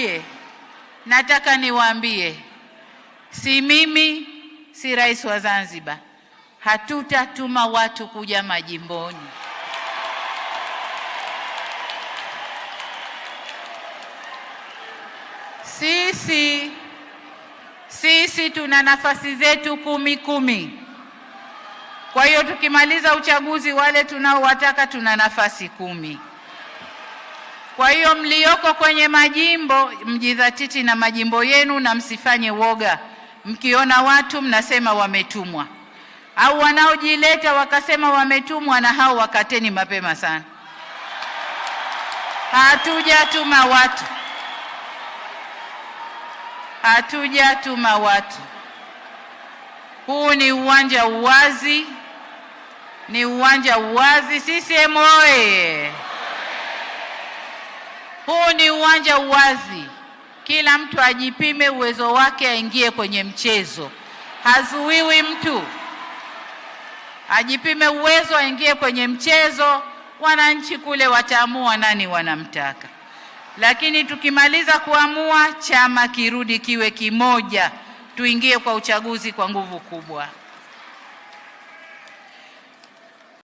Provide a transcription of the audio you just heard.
niwaambie, nataka niwaambie, si mimi, si rais wa Zanzibar, hatutatuma watu kuja majimboni. Sisi sisi tuna nafasi zetu kumi kumi. Kwa hiyo tukimaliza uchaguzi, wale tunaowataka tuna nafasi kumi. Kwa hiyo mlioko kwenye majimbo mjidhatiti na majimbo yenu na msifanye woga. Mkiona watu mnasema wametumwa, au wanaojileta wakasema wametumwa, na hao wakateni mapema sana. Hatujatuma watu, hatujatuma watu. Huu ni uwanja uwazi, ni uwanja uwazi. CCM oye! Huu ni uwanja uwazi, kila mtu ajipime uwezo wake, aingie kwenye mchezo. Hazuiwi mtu, ajipime uwezo, aingie kwenye mchezo. Wananchi kule wataamua nani wanamtaka, lakini tukimaliza kuamua, chama kirudi kiwe kimoja, tuingie kwa uchaguzi kwa nguvu kubwa.